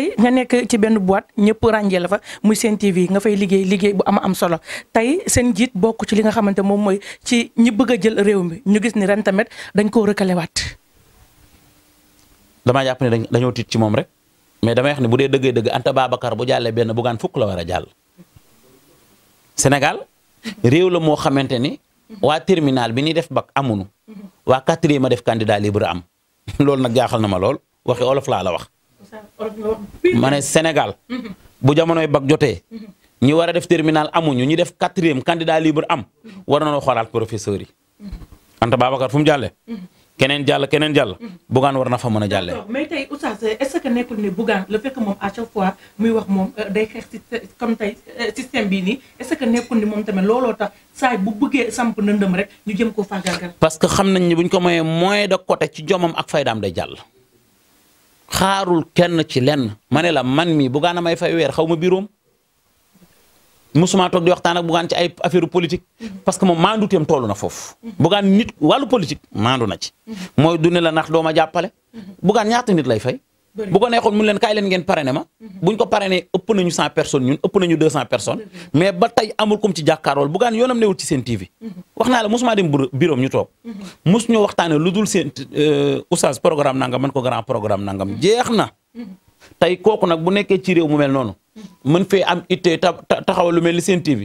tey nga nekk ci benn boîte ñëpp ràññee la fa muy seen TV nga fay liggéey liggéey bu am am solo tey seen jiit bokk ci li nga xamante moom mooy ci ñi bëgg a jël réew mi ñu gis ni ren tamit dañ koo rëkkalewaat. damaa jàpp ne dañoo tiit ci moom rek mais damay wax ne bu dee dëggee dëgg Anta Babacar bu jàllee benn bugaan la war a jàll. réew la moo xamante ni waa terminal bi ñuy def bac amuñu waa quatrième ma def candidat libre am loolu nag jaaxal na ma lool waxi olof laa la wax. ma ne Sénégal. bu jamonoy bag jotee. ñi war a def terminal amuñu ñi def quatrième candidat libre am. war na nañoo xoolaat professeurs yi. Anta Babacar fu mu jàllee. keneen jàll keneen jàll. Bougane war na fa mën a jàllee. mais tey oustaz est-ce que nekkul ne Bougane le fait que moom à chaque fois muy wax moom euh, day xeex euh, système bii nii est-ce que nekkul ne moom tamit looloo tax saa bu bëggee samp nëndëm rek ñu jëm koo faagaagal. parce que xam nañ ne bu ñu ko mayee moyen de côté ci ak faydaam day jàll. xaarul kenn ci lenn ma ne la man mii bugaana may fay weer xaw ma biiroom musuma toog di waxtaan ak bugaan ci ay affaire politique parce que moom maanduteem toll na foofu. bugaan nit wàllu politique maandu na ci. mooy du ne la ndax doo ma jàppale. bugaan ñaata nit lay fay. bu ko neexoon mun leen kaay leen ngeen parrainé ma buñ ko parrainé ëpp nañu cent personnes ñun ëpp nañu deux cent personnes mais ba tey amul kum ci jàkkaarool bu gaan yoonam newul ci seen TV wax naa la mosuma dem bureau ñu toog mos ñu waxtaane lu dul seen euh, oustaz programme nangam man ko grand programme nangam jeex na tey kooku nag bu nekkee ci réew mu mel noonu man fee am ittee taxawal lu mel ni Sen TV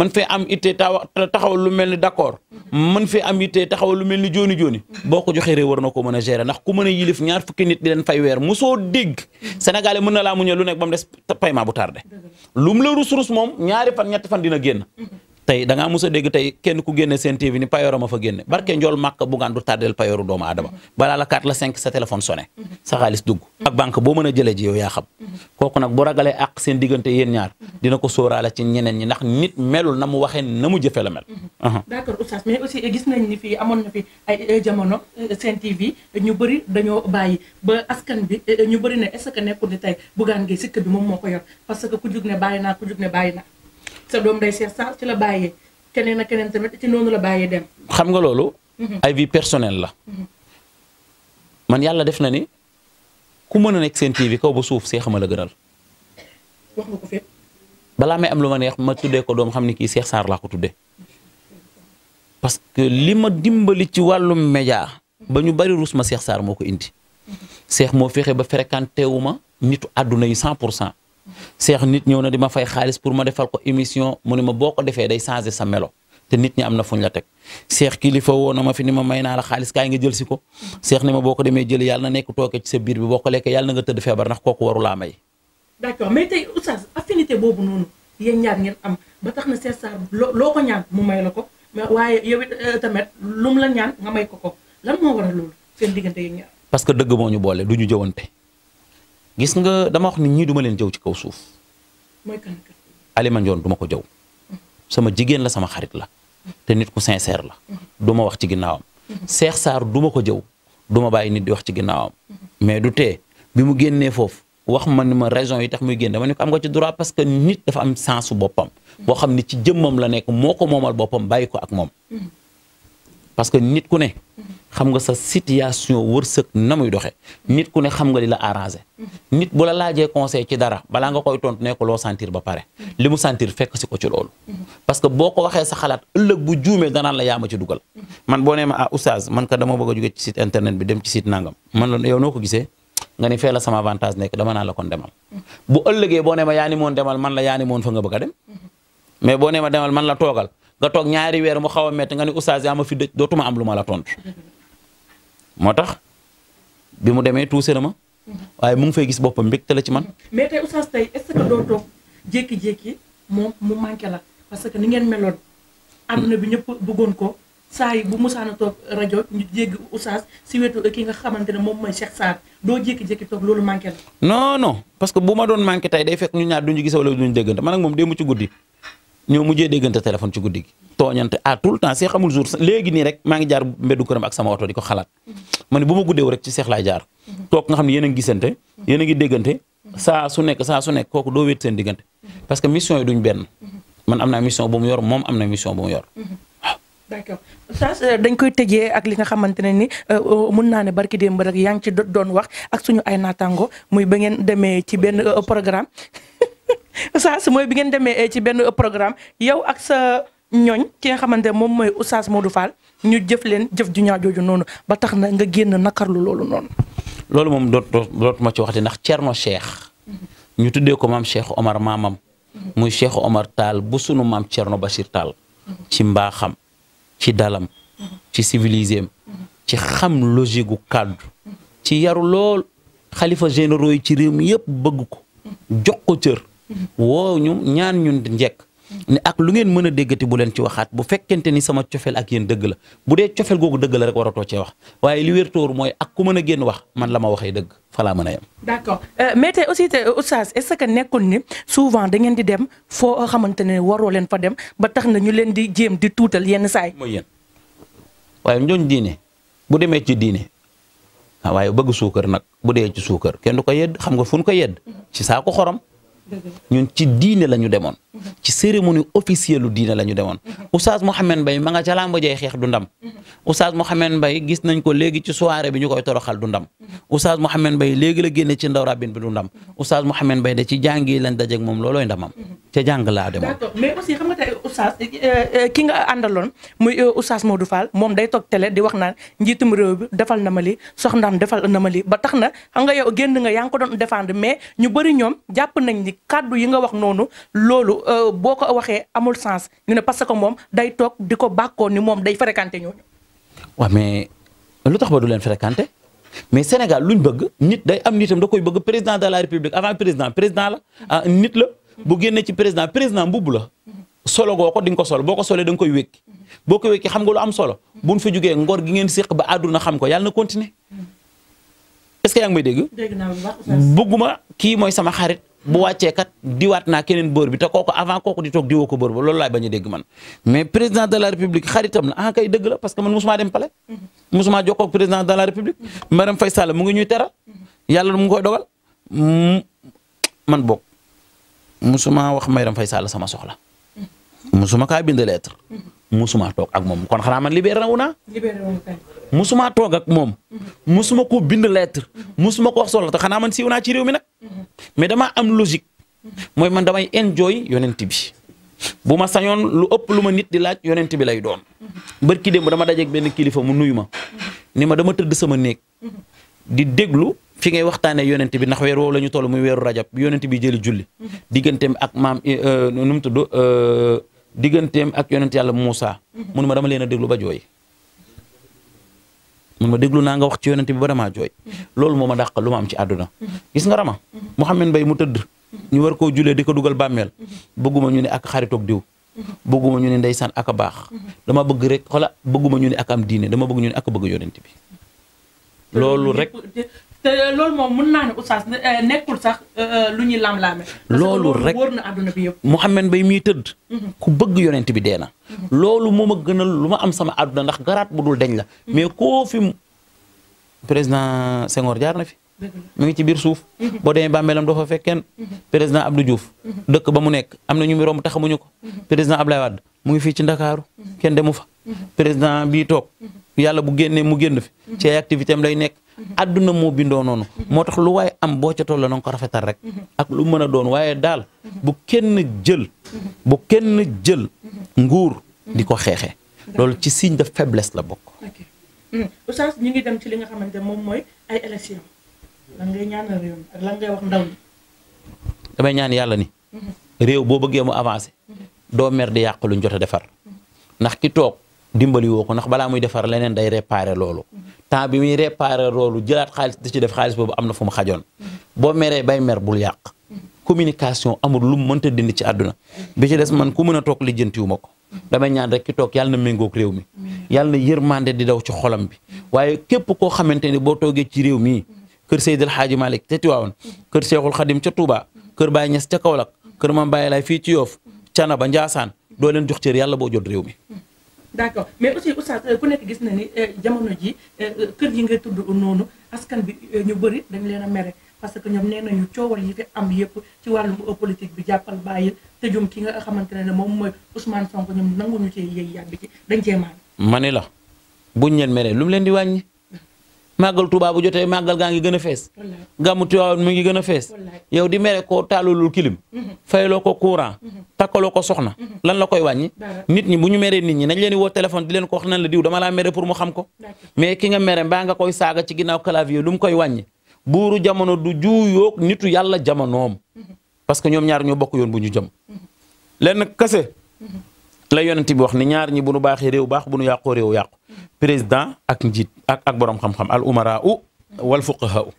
mën fee am ittee taxawal lu mel ni d'accord mën fee am ittee taxawal lu mel ni jooni jooni boo ko joxee réew war na ko mën a gérer ndax ku mën a yilif ñaar fukki nit di leen fay weer mosoo dégg sénégalais mën na laa muñal lu nekk ba mu des paiement bu tardé lu mu la rus rus moom ñaari fan ñetti fan dina génn tey da ngaa mos a dégg tey kenn ku génne seen TV ni payoor a fa génne barke njool màkk bu du tardeel payooru doomu aadama balaa la quatre la cinq sa téléphone sonné sa xaalis dugg ak banque boo mën a jëlee ji yow yaa xam kooku nag bu ragalee ak seen diggante yéen ñaar dina ko sóoraale ci ñeneen ñi ndax nit melul na mu waxee na mu jëfe la mel d'accord oustaz mais aussi gis nañ ni fii amoon na fi ay euh, jamono euh, seen TV ñu bëri dañoo bàyyi ba askan bi euh, ñu bëri sa doom day seet sax ci la bàyyee keneen a keneen tamit ci noonu la bàyyee dem. xam nga loolu. Mhm. ay vie personnelle la. Mhm. man yàlla def na ni ku mën a nekk seen TV kaw ba suuf seex ma la ko fépp. may am lu ma neex ma tuddee ko doom xam ni kii Cheikh Sarr laa ko tuddee parce que li ma dimbali ci wàllum média ba ñu bari ruus ma Cheikh Sarr moo ko indi. Mhm. Cheikh moo fexe ba fréquenté wu ma nitu àdduna yi 100 pour cent seex nit ñëw na di ma fay xaalis pour ma defal ko émission mu ne ma boo ko defee day changé sa melo te nit ñi am na fuñ la teg seex kilifa woo na ma fi ni ma may naa la xaalis kaa ngi jël si ko seex ni ma boo ko demee jël yàlla na nekk tooke sa biir bi boo ko lekkee yàlla na nga tëdd feebar ndax kooku waru laa may. d'accord mais tey oustaz affinité boobu noonu yéen ñaar ngeen am ba tax na Seex Sarr loo ko ñaan mu may la ko waaye yow euh, tamit lu la ñaan nga may ko ko lan moo waral loolu parce que dëgg moo ñu boole du ñu jëwante gis nga dama wax nit ñi duma leen jëw ci kaw suuf. mooy duma ko jëw. sama jigéen la sama xarit la. te nit ku sincère la. du ma wax ci ginnaawam. Cheikh Sarr duma ko jëw du ma bàyyi nit di wax ci ginnaawam. mais du te bi mu génnee foofu wax ma ni ma raison yi tax muy génn dama ne ko am nga ci droit parce que nit dafa am sensu boppam. boo xam ni ci jëmmam la nekk moo ko moomal boppam bàyyi ko ak moom. parce que nit ku ne xam nga sa situation wërsëg na muy doxe nit ku ne xam nga li la arrangé nit bu la laajee conseil ci dara balaa nga koy tontu ne ko loo sentir ba pare li mu sentir fekk si ko ci loolu parce que boo ko waxee sa xalaat ëllëg bu juumee danaan la yaa ma ci dugal man boo nee ma ah oustaz man ka dama bëgg a jóge ci site bi dem ci site nangam man la yow noo ko gisee nga ni la sama avantage nekk dama naa la kon demal bu boo nee ma yaa moon demal man la yaa ni moon fa nga bëgg a dem mais boo nee ma demal man la toogal nga toog ñaari weer mu xaw a metti nga ni oustaz yaa ma fi dëj dootuma am lu ma la tontu moo tax bi mu demee tuuse na ma waaye mu ngi fay gis boppam mbégte la ci man. mais tey oustaz tey est doo toog jékki-jékki moom mu manqué la parce que ni ngeen meloon. am bi ñëpp bëggoon ko saa yi bu musaana toog rajo ñu jéggi oustaz si wetu ki nga xamante ne moom mooy Cheikh Sarr doo jékki-jékki toog loolu manqué la. non parce que bu ma doon manqué tey day fekk ñu ñaar duñu gisee wala duñu déggante man ak moom démb ci guddi. ñoo mujjee déggante téléphone ci guddi gi tooñante à tout le temps seex amul jour léegi nii rek maa ngi jaar mbeddu këram ak sama oto di xalaat ma ne guddeew rek ci seex jaar toog nga xam ne yéen a ngi gisante yéen saa su saa su nekk doo wéet seen parce que mission yi duñ benn man am naa mission bu mu yor moom am na mission bu yor euh, dañ koy tëjee ak li nga xamante ne ni euh, euh, mun naa ne barki démb rek yaa ngi ci doon wax ak suñu ay naataango muy ba ngeen demee Oustaz mooy bi ngeen demee eh, ci benn programme yow ak sa ñooñ ki nga xamante moom mooy Oustaz Modou Fall ñu jëf leen jëf ju ñaaw jooju noonu ba tax na nga génn nakarlu loolu noonu. loolu moom doot dootuma ci waxati ndax Thierno Cheikh. ñu tuddee ko maam Cheikh Omar maamam. muy Cheikh Omar Tall bu sunu maam Thierno Bachir Tall. ci mbaaxam ci dalam. ci civilisé ci xam logique gu ci yaru lool xalifa généraux yi ci réew mi yëpp bëgg ko. jox ko cër. woo ñu ñaan ñun njekk ne ak lu ngeen mën a déggati bu leen ci waxaat bu fekkente ni sama cofeel ak yéen dëgg la bu dee cofeel googu dëgg la rek waratoo cee wax waaye li wér tóor mooy ak ku mën a génn wax man la ma waxee dëgg falaa mën a yem d'accord euh, mais tey aussi te oustaz est-ce que nekkul ni souvent da ngeen di dem foo xamante ne waroo leen fa dem ba tax na ñu leen di jéem di tuutal yenn saay mooy yéen waaye ñooñ diine bu demee ci diine waaye bëgg suukar nag bu dee ci suukar kenn du ko yedd xam nga fu ko yedd mm-hmm. ci saako xorom ñun ci diine la ñu demoon ci cérémonie officielle lu diine la ñu demoon oustaz Mouhamed Mbaye ma nga ca làmb jay xeex du ndam oustaz Mouhamed Mbaye gis nañ ko léegi ci soirée bi ñu koy toroxal du ndam oustaz Mouhamed Mbaye léegi la génne ci ndaw rabin bi du ndam oustaz Mouhamed da ci jàngi lañ dajeeg moom loolooy ndamam ca jàng laa demoon d'accord mais aussi xam nga tey oustaz euh, euh, ki nga àndaloon muy euh, oustaz Modou Fall moom day toog télé di wax naan njiitum réew bi defal na ma li defal na ba tax na xam nga yow génn nga yaa ngi ko mais ñu bëri ñoom jàpp nañ ni kàddu yi nga Euh, boo ko waxee amul sens ñu ne parce que moom day toog di ko bàkkoo ni moom day fréquenté ñooñu. waaw mais lu tax ba du leen fréquenté mais Sénégal luñ bëgg nit day am nitam da koy bëgg président de la république avant président président la ah nit la. bu génnee ci président président mbubb la. solo goo ko di nga ko solo boo ko solee da nga koy wékki. boo ko wékki xam nga lu am solo. buñ fi jugee ngor gi ngeen séq ba àdduna xam ko yàlla na continuer est-ce que yaa ngi dégg. dégg naa bu baax bëgguma kii mooy sama xarit. bu wàccee kat diwaat naa keneen boor bi te kooku avant kooku di toog diwoo ko boor ba loolu laay bañ a man mais président de la république xaritam la ah kay dëgg la parce que man musuma dem palais musuma jokkoo ak président de la république Marème Faye Sall mu ngi ñuy teral yàlla mu ngi koy dogal man boog musuma wax Marème Faye Sall sama soxla musuma kaa bind lettre musuma toog ak moom kon xanaa man libéré wu naa. libéré wu kay. musuma toog ak moom. Mhm. musuma ko bind lettre. Mhm. musuma ko wax soxla te xanaa man siiw naa ci réew mi nag. Mhm. mais dama am logique. mooy man damay enjoy yonent bi. bu ma sañoon lu ëpp lu ma nit di laaj yonent bi lay doon. barki démb dama dajeeg benn kilifa mu nuyu ma. ni ma dama tëdd sama néeg. di déglu fi ngay waxtaanee yonent bi ndax weer woowu la ñu toll muy weeru rajab yonent bi jëli julli. digganteem ak maam eh, eh, nu mu tudd. Eh, digganteem ak yonent yàlla Moussa mun ma dama leen a déglu ba jooy mun ma déglu naa nga wax ci yonent bi ba damaa jooy loolu moo ma daq lu ma am ci àdduna gis nga xam Mouhamed mbay mu tëdd ñu war koo julee di ko dugal bàmmeel bëgguma ñu ne ak xaritoog diw bëgguma ñu ne ndeysaan ak a baax dama bëgg rek xoola bëgguma ñu ne ak am diine dama bëgg ñu ne ak bëgg yonent bi loolu rek te euh, loolu moom mën naa ne oustaz euh, nekkul sax euh, lu ñuy lam-laame. loolu rek wóor na àdduna bi yëpp. Mouhamed Mbaye miy tëdd. Mhm. ku bëgg yonent bi dee na. Mhm. loolu moo ma gënal lu ma am sama àdduna ndax garaat bu dul deñ la. Mhm. mais koo fi président Senghor jaar na fi. mu ngi ci biir suuf. boo demee bàmmeelam doo fa fekk kenn. président Abdou Diouf. dëkk ba mu nekk am na ñu mu romb ko. président Ablaye Wade mu ngi fii ci Ndakaaru kenn demu fa. président bii toog yàlla bu génnee mu génn fi. ci activité am lay nekk. àdduna moo bindoo noonu moo tax lu waaye am boo ca toll la na ko rafetal rek ak lu mën a doon waaye daal bu kenn jël bu kenn jël nguur di ko xeexee loolu ci signe de faiblesse la bokk hmm. oustaz ñu ngi ci li nga xamante moom mooy ay élection lan ngay ñaan yàlla ni hmm. réew boo bëggee mu avancé hmm. doo mer di yàq luñ jot a defar ndax ki toog dimbali woo ko ndax balaa muy defar leneen day réparer loolu temps bi muy réparer loolu jëlaat xaalis da ci def xaalis boobu am na fu mu xajoon boo meree bay mer bul yàq communication amul lu mu mënta dindi ci àdduna bi ci des man ku mën a toog lijjantiwu ma ko damay ñaan rek ki toog yàlla na méngoog réew mi yàlla na yërmande di daw ci xolam bi waaye képp koo xamante ni boo toogee ci réew mii kër Seydil Hadji Malick te Tiwaawan kër Seexul Xadim ca Touba kër Baye Niass ca Kaolack kër Mame Baye Laay fii ci Yoff Canaba Njaasaan doo leen jox cër boo jot réew mi d'accord mais aussi oustaz euh, ku nekk gis na ni euh, jamono ji euh, kër yi ngay tudd noonu askan bi ñu bëri dañ leen a mere parce que ñoom nee nañu coowal yi fi am yépp ci wàllu politique bi jàppal bàyyi tëjum ki nga xamante ne moom mooy Ousmane Sonko ñoom nanguñu cee yëy yàbbi ci dañ cee maan. ma ne la buñ leen meree lu mu leen di wàññi. màggal Tuubaa bu jotee màggal gaa ngi gën a fees gàmmu Tiwaawan mi ngi gën a fees yow di mere ko taalalul kilim fayaloo ko courant takkaloo ko soxna lan la koy wàññi nit ñi bu ñu meree nit ñi nañ leen di woo téléphone di leen ko wax nan la diw dama laa mere pour mu xam ko mais ki nga mere mbaa nga koy saaga ci ginnaaw clavier lu mu koy wàññi buuru jamono du juuyoog nitu yàlla jamonoom mm-hmm. parce que ñoom ñaar ñoo bokk yoon bu ñu jëm mm-hmm. lenn kase mm-hmm. la yonent bi wax ni ñaar ñi bu nu baaxee réew baax bu nu yàqoo réew yàqu président ak njiit ak ak borom xam-xam al umara u wal fuqaha u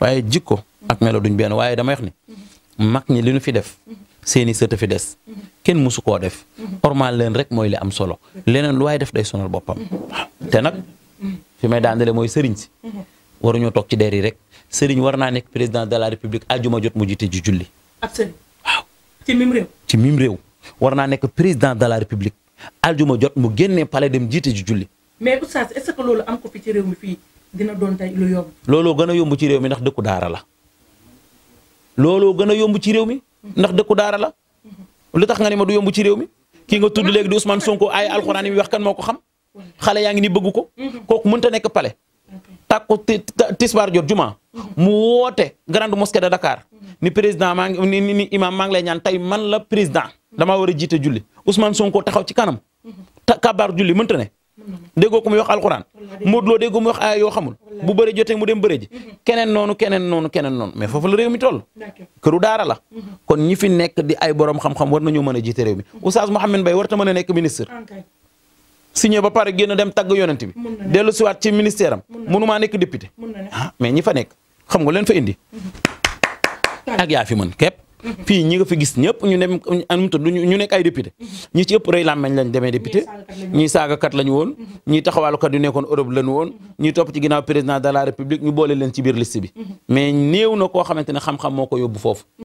waaye jikko ak melo duñ benn waaye dama wax ni mag ñi li nu fi def seeni sët a fi des kenn mësu koo def ormal leen rek mooy li am solo leneen lu waaye def day sonal boppam te nag fi may daandale mooy sëriñ si waruñoo toog ci der yi rek sëriñ war naa nekk président de la république ajuma jot mu jiite ji julli waaw ci mim réew war naa nekk président de la république aljuma jot mu génnee palais dem jiite ji julli. mais oustaz est-ce que loolu am ko fi ci gën a yomb ci réew mi ndax dëkku daara la looloo gën a yomb ci réew mi ndax dëkku daara la lu tax nga ne ma du yomb ci réew mi ki nga tudd léegi di Ousmane Sonko ay alxuraan yi wax kan moo ko xam xale yaa ngi ni bëgg ko kooku mënta nekk palais tàkku tisbaar jot juma mu woote grande mosquée de Dakar ni président maa ngi ni imam maa ngi lay ñaan tey man la président. damaa war a jiite julli Ousmane Sonko taxaw ci kanam ta kabaar julli mënta ne déggoo ko muy wax alxuraan Modou Lo déggoo mu wax aaya yoo xamul bu bëri jotee mu dem bëri ji mm-hmm. keneen noonu keneen noonu keneen noonu mais foofu la réew mi toll këru daara la mm-hmm. kon ñi fi nekk di ay borom xam-xam war nañoo mën a jiite réew mi mm-hmm. Oustaz Mouhamed Mbaye warta mën a nekk ministre ah, signé ba pare génn dem tagg yonent bi dellu siwaat ci ministère am maa nekk député ah mais ñi fa nekk xam nga leen fa indi ak yaa fi mën képp fii ñi fi gis ñëpp ñu nekk ay député ñi ci ëpp rëy làmmeñ lañ demee député ñii saagakat lañu woon ñii taxawaalukat yu nekkoon Europe lañu woon ñii topp ci ginnaaw président de la république ñu boole leen ci biir liste mais néew na koo xamante ne xam-xam moo ko yóbbu foofu